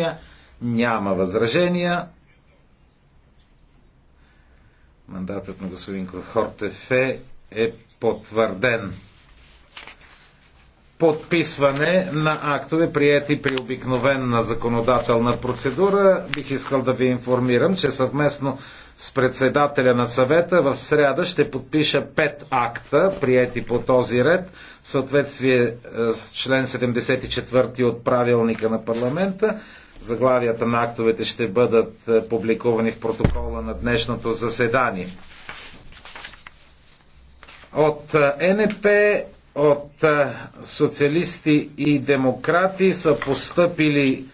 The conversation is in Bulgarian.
възражения? Няма възражения. Мандатът на господин Хортефе е, е потвърден. Подписване на актове, приети при обикновена законодателна процедура. Бих искал да ви информирам, че съвместно с председателя на съвета. В среда ще подпиша пет акта, приети по този ред, в съответствие е, с член 74 от правилника на парламента. Заглавията на актовете ще бъдат е, публикувани в протокола на днешното заседание. От е, НП, от социалисти и демократи са поступили.